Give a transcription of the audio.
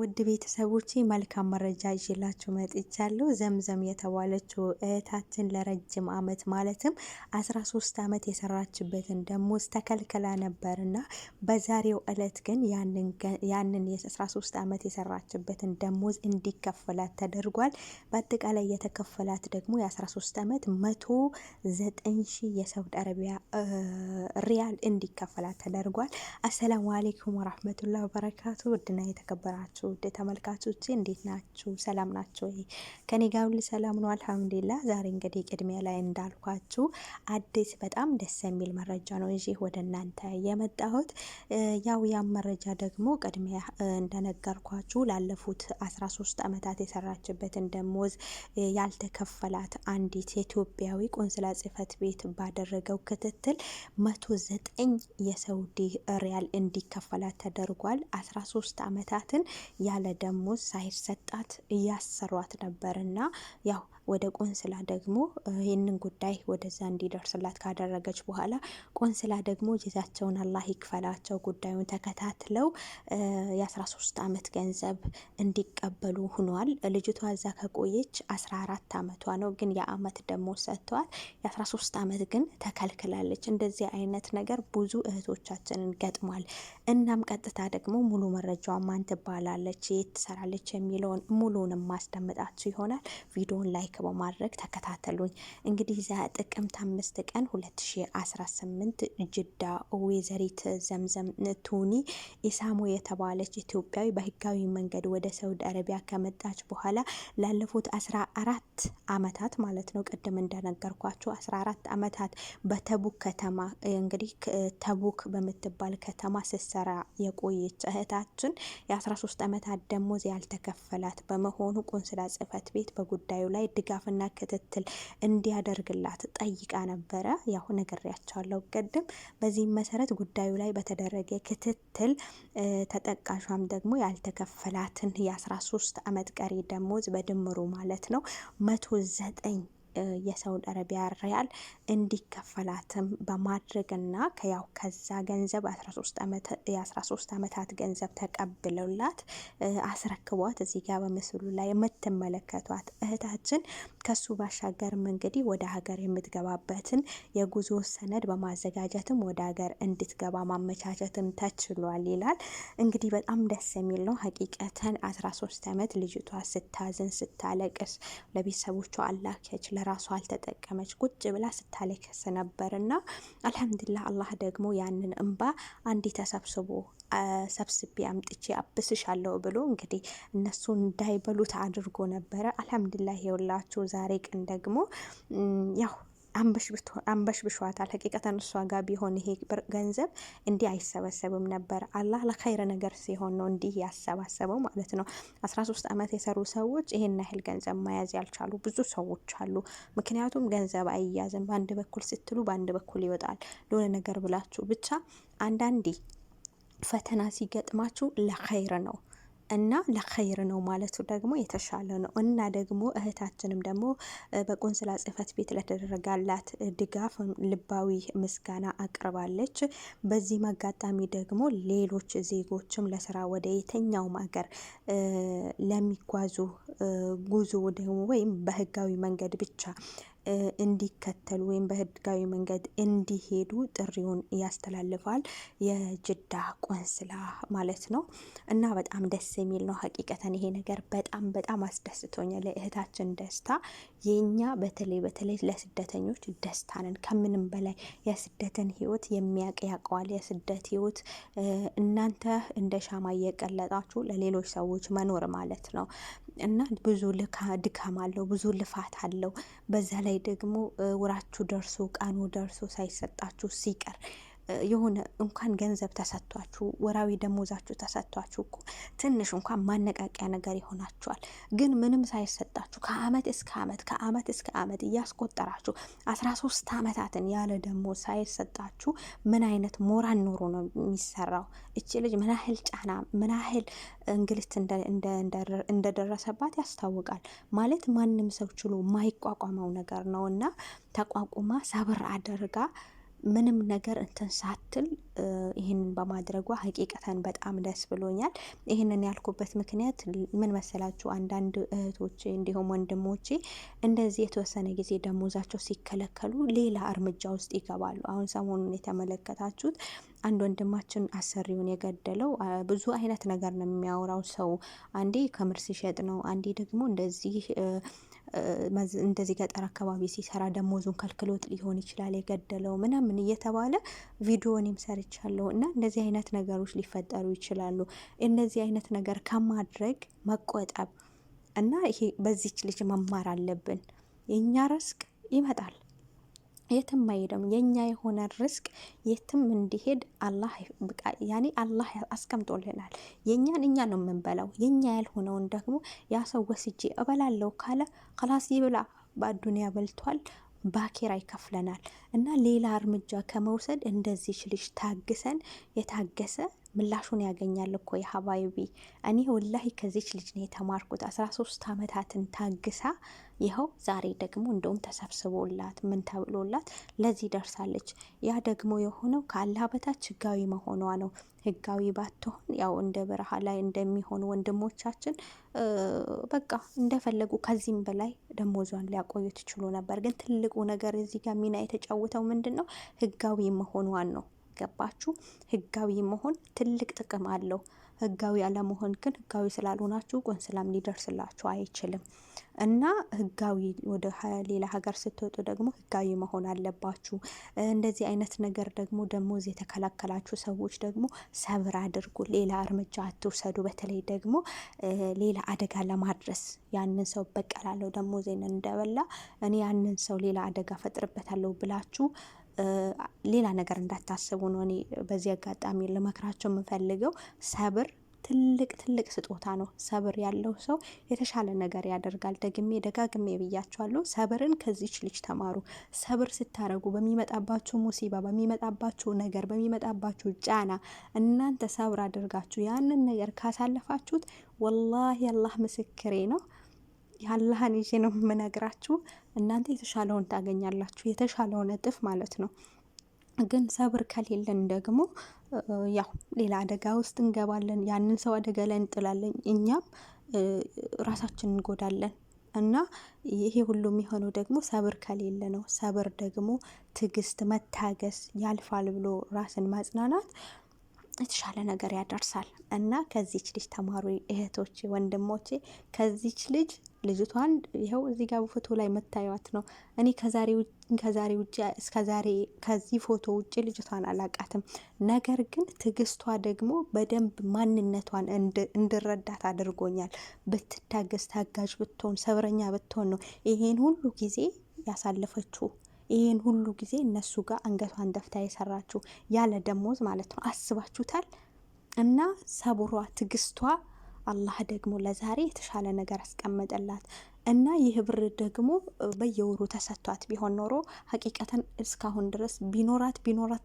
ውድ ቤተሰቦች መልካም መረጃ ይዤላችሁ መጥቻለሁ። ዘምዘም የተባለችው እህታችን ለረጅም አመት ማለትም አስራ ሶስት ዓመት የሰራችበትን ደሞዝ ተከልክላ ነበር እና በዛሬው እለት ግን ያንን የአስራ ሶስት አመት የሰራችበትን ደሞዝ እንዲከፈላት ተደርጓል። በአጠቃላይ የተከፈላት ደግሞ የአስራ ሶስት አመት መቶ ዘጠኝ ሺህ የሳውዲ አረቢያ ሪያል እንዲከፈላት ተደርጓል። አሰላሙ አሌይኩም ወራህመቱላ ወበረካቱ ውድና የተከበራችሁ ናችሁ ውድ ተመልካቾቼ? እንዴት ናችሁ? ሰላም ናችሁ ወይ? ከኔ ጋር ሁሉ ሰላም ነው አልሐምዱሊላ። ዛሬ እንግዲህ ቅድሚያ ላይ እንዳልኳችሁ አዲስ በጣም ደስ የሚል መረጃ ነው ይዤ ወደ እናንተ የመጣሁት። ያው ያም መረጃ ደግሞ ቅድሚያ እንደነገርኳችሁ ላለፉት አስራ ሶስት አመታት የሰራችበትን ደሞዝ ያልተከፈላት አንዲት የኢትዮጵያዊ ቆንስላ ጽህፈት ቤት ባደረገው ክትትል መቶ ዘጠኝ የሰውዲ ሪያል እንዲከፈላት ተደርጓል። አስራ ሶስት አመታትን ያለ ደሞዝ ሳይሰጣት እያሰሯት ነበርና ያው ወደ ቆንስላ ደግሞ ይህንን ጉዳይ ወደዛ እንዲደርስላት ካደረገች በኋላ ቆንስላ ደግሞ ጀዛቸውን አላህ ይክፈላቸው ጉዳዩን ተከታትለው የ13 ዓመት ገንዘብ እንዲቀበሉ ሁኗል። ልጅቷ እዛ ከቆየች 14 ዓመቷ ነው፣ ግን የአመት ደግሞ ሰጥተዋል። የ13 ዓመት ግን ተከልክላለች። እንደዚህ አይነት ነገር ብዙ እህቶቻችንን ገጥሟል። እናም ቀጥታ ደግሞ ሙሉ መረጃዋ ማን ትባላል ትሰራለች፣ የት ትሰራለች የሚለውን ሙሉንም ማስደምጣችሁ ይሆናል። ቪዲዮን ላይክ በማድረግ ተከታተሉኝ። እንግዲህ ዛ ጥቅምት አምስት ቀን 2018 ጅዳ ወይዘሪት ዘምዘም ቱኒ ኢሳሞ የተባለች ኢትዮጵያዊ በህጋዊ መንገድ ወደ ሳውዲ አረቢያ ከመጣች በኋላ ላለፉት አስራ አራት አመታት ማለት ነው ቅድም እንደነገርኳቸው አስራ አራት አመታት በተቡክ ከተማ እንግዲህ ተቡክ በምትባል ከተማ ስትሰራ የቆየች እህታችን የ ሶስት ዓመታት ደሞዝ ያልተከፈላት በመሆኑ ቆንስላ ጽሕፈት ቤት በጉዳዩ ላይ ድጋፍና ክትትል እንዲያደርግላት ጠይቃ ነበረ። ያው ነግሬያቸዋለሁ ቅድም። በዚህም መሰረት ጉዳዩ ላይ በተደረገ ክትትል ተጠቃሿም ደግሞ ያልተከፈላትን የ13 ዓመት ቀሪ ደሞዝ በድምሩ ማለት ነው መቶ የሳውዲ አረቢያ ሪያል እንዲከፈላትም በማድረግና ከያው ከዛ ገንዘብ የ13 ዓመታት ገንዘብ ተቀብለውላት አስረክቧት እዚህ ጋር በምስሉ ላይ የምትመለከቷት እህታችን ከሱ ባሻገርም እንግዲህ ወደ ሀገር የምትገባበትን የጉዞ ሰነድ በማዘጋጀትም ወደ ሀገር እንድትገባ ማመቻቸትም ተችሏል ይላል። እንግዲህ በጣም ደስ የሚል ነው። ሀቂቀተን 13 ዓመት ልጅቷ ስታዝን ስታለቅስ ለቤተሰቦቿ አላክ ለራሱ አልተጠቀመች ቁጭ ብላ ስታለክስ ነበር እና አልሐምዱሊላህ አላህ ደግሞ ያንን እንባ አንዲ ተሰብስቦ ሰብስቤ አምጥቼ አብስሻለሁ ብሎ እንግዲህ እነሱ እንዳይበሉት አድርጎ ነበረ። አልሐምዱሊላህ የውላችሁ ዛሬ ቀን ደግሞ ያው አንበሽ ብሸዋታል። ሀቂቀተን እሷ ጋር ቢሆን ይሄ ገንዘብ እንዲህ አይሰበሰብም ነበር። አላህ ለኸይር ነገር ሲሆን ነው እንዲህ ያሰባሰበው ማለት ነው። አስራ ሶስት የሰሩ ሰዎች ይሄን ያህል ገንዘብ መያዝ ያልቻሉ ብዙ ሰዎች አሉ። ምክንያቱም ገንዘብ አይያዝም። በአንድ በኩል ስትሉ፣ በአንድ በኩል ይወጣል። ለሆነ ነገር ብላችሁ ብቻ አንዳንዴ ፈተና ሲገጥማችሁ ለኸይር ነው እና ለኸይር ነው ማለቱ ደግሞ የተሻለ ነው እና ደግሞ እህታችንም ደግሞ በቆንስላ ጽህፈት ቤት ለተደረጋላት ድጋፍ ልባዊ ምስጋና አቅርባለች። በዚህም አጋጣሚ ደግሞ ሌሎች ዜጎችም ለስራ ወደ የትኛውም ሀገር ለሚጓዙ ጉዞ ደግሞ ወይም በህጋዊ መንገድ ብቻ እንዲከተሉ ወይም በህጋዊ መንገድ እንዲሄዱ ጥሪውን ያስተላልፋል የጅዳ ቆንስላ ማለት ነው። እና በጣም ደስ የሚል ነው። ሀቂቀተን ይሄ ነገር በጣም በጣም አስደስቶኛል። ለእህታችን ደስታ የኛ በተለይ በተለይ ለስደተኞች ደስታንን ከምንም በላይ የስደትን ህይወት የሚያቅ ያቀዋል። የስደት ህይወት እናንተ እንደ ሻማ እየቀለጣችሁ ለሌሎች ሰዎች መኖር ማለት ነው እና ብዙ ድካም አለው፣ ብዙ ልፋት አለው በዛ ላይ ላይ ደግሞ ውራችሁ ደርሶ ቃኑ ደርሶ ሳይሰጣችሁ ሲቀር የሆነ እንኳን ገንዘብ ተሰጥቷችሁ ወራዊ ደሞዛችሁ ተሰጥቷችሁ እኮ ትንሽ እንኳን ማነቃቂያ ነገር ይሆናችኋል። ግን ምንም ሳይሰጣችሁ ከአመት እስከ አመት ከአመት እስከ አመት እያስቆጠራችሁ አስራ ሶስት አመታትን ያለ ደሞዝ ሳይሰጣችሁ ምን አይነት ሞራል ኖሮ ነው የሚሰራው? እቺ ልጅ ምን ያህል ጫና ምን ያህል እንግልት እንደደረሰባት ያስታውቃል። ማለት ማንም ሰው ችሎ የማይቋቋመው ነገር ነው እና ተቋቁማ ሰብር አድርጋ ምንም ነገር እንትን ሳትል ይህንን በማድረጓ ሀቂቀተን በጣም ደስ ብሎኛል። ይህንን ያልኩበት ምክንያት ምን መሰላችሁ? አንዳንድ እህቶቼ እንዲሁም ወንድሞቼ እንደዚህ የተወሰነ ጊዜ ደሞዛቸው ሲከለከሉ ሌላ እርምጃ ውስጥ ይገባሉ። አሁን ሰሞኑን የተመለከታችሁት አንድ ወንድማችን አሰሪውን የገደለው ብዙ አይነት ነገር ነው የሚያወራው ሰው። አንዴ ከምር ሲሸጥ ነው፣ አንዴ ደግሞ እንደዚህ እንደዚህ ገጠር አካባቢ ሲሰራ ደሞዙን ከልክሎት ሊሆን ይችላል የገደለው ምናምን እየተባለ ቪዲዮን እኔም እና እንደዚህ አይነት ነገሮች ሊፈጠሩ ይችላሉ። እንደዚህ አይነት ነገር ከማድረግ መቆጠብ እና ይሄ በዚች ልጅ መማር አለብን። የእኛ ረስቅ ይመጣል። የትም አይሄድም። የኛ የሆነ ርስቅ የትም እንዲሄድ አላህ ያኔ አላህ አስቀምጦልናል። የእኛን እኛ ነው የምንበላው። የኛ ያልሆነውን ደግሞ ያ ሰው ወስጄ እበላለው ካለ ከላስ ይብላ። በአዱንያ በልቷል፣ ባኬራ ይከፍለናል። እና ሌላ እርምጃ ከመውሰድ እንደዚች ልጅ ታግሰን የታገሰ ምላሹን ያገኛል እኮ የሀባይቢ። እኔ ወላሂ ከዚች ልጅ ነው የተማርኩት። አስራ ሶስት አመታትን ታግሳ ይኸው ዛሬ ደግሞ እንደውም ተሰብስቦላት ምን ተብሎላት ለዚህ ደርሳለች። ያ ደግሞ የሆነው ከአላህ በታች ህጋዊ መሆኗ ነው። ህጋዊ ባትሆን ያው እንደ በረሃ ላይ እንደሚሆኑ ወንድሞቻችን በቃ እንደፈለጉ ከዚህም በላይ ደሞዟን ሊያቆዩት ይችሉ ነበር። ግን ትልቁ ነገር እዚህ ጋር ሚና የተጫወተው ምንድን ነው? ህጋዊ መሆኗን ነው። ገባችሁ? ህጋዊ መሆን ትልቅ ጥቅም አለው። ህጋዊ አለመሆን ግን ህጋዊ ስላልሆናችሁ ቆንስላም ሊደርስላችሁ አይችልም እና ህጋዊ ወደ ሌላ ሀገር ስትወጡ ደግሞ ህጋዊ መሆን አለባችሁ። እንደዚህ አይነት ነገር ደግሞ ደሞዝ የተከላከላችሁ ሰዎች ደግሞ ሰብር አድርጉ፣ ሌላ እርምጃ አትውሰዱ። በተለይ ደግሞ ሌላ አደጋ ለማድረስ ያንን ሰው በቀላለው ደሞዜን እንደበላ እኔ ያንን ሰው ሌላ አደጋ ፈጥርበታለሁ ብላችሁ ሌላ ነገር እንዳታስቡ ነው እኔ በዚህ አጋጣሚ ልመክራቸው የምፈልገው። ሰብር ትልቅ ትልቅ ስጦታ ነው። ሰብር ያለው ሰው የተሻለ ነገር ያደርጋል። ደግሜ ደጋግሜ ብያቸዋለሁ። ሰብርን ከዚች ልጅ ተማሩ። ሰብር ስታረጉ በሚመጣባችሁ ሙሲባ፣ በሚመጣባችሁ ነገር፣ በሚመጣባችሁ ጫና እናንተ ሰብር አድርጋችሁ ያንን ነገር ካሳለፋችሁት ወላሂ አላህ ምስክሬ ነው። የአላህን ይዤ ነው የምነግራችሁ እናንተ የተሻለውን ታገኛላችሁ። የተሻለውን እጥፍ ማለት ነው። ግን ሰብር ከሌለን ደግሞ ያው ሌላ አደጋ ውስጥ እንገባለን። ያንን ሰው አደጋ ላይ እንጥላለን፣ እኛም ራሳችንን እንጎዳለን። እና ይሄ ሁሉ የሚሆነው ደግሞ ሰብር ከሌለ ነው። ሰብር ደግሞ ትዕግስት፣ መታገስ፣ ያልፋል ብሎ ራስን ማጽናናት የተሻለ ነገር ያደርሳል እና ከዚች ልጅ ተማሩ እህቶቼ፣ ወንድሞቼ። ከዚች ልጅ ልጅቷን ይኸው እዚህ ጋር ፎቶ ላይ መታየት ነው። እኔ ከዛሬ ውጭ እስከዛሬ ከዚህ ፎቶ ውጭ ልጅቷን አላቃትም። ነገር ግን ትግስቷ ደግሞ በደንብ ማንነቷን እንድረዳት አድርጎኛል። ብትታገስ ታጋዥ ብትሆን ሰብረኛ ብትሆን ነው ይሄን ሁሉ ጊዜ ያሳለፈችው። ይህን ሁሉ ጊዜ እነሱ ጋር አንገቷን ደፍታ የሰራችው ያለ ደሞዝ ማለት ነው። አስባችሁታል? እና ሰብሯ፣ ትግስቷ አላህ ደግሞ ለዛሬ የተሻለ ነገር አስቀመጠላት እና ይህ ብር ደግሞ በየወሩ ተሰጥቷት ቢሆን ኖሮ ሀቂቀተን እስካሁን ድረስ ቢኖራት ቢኖራት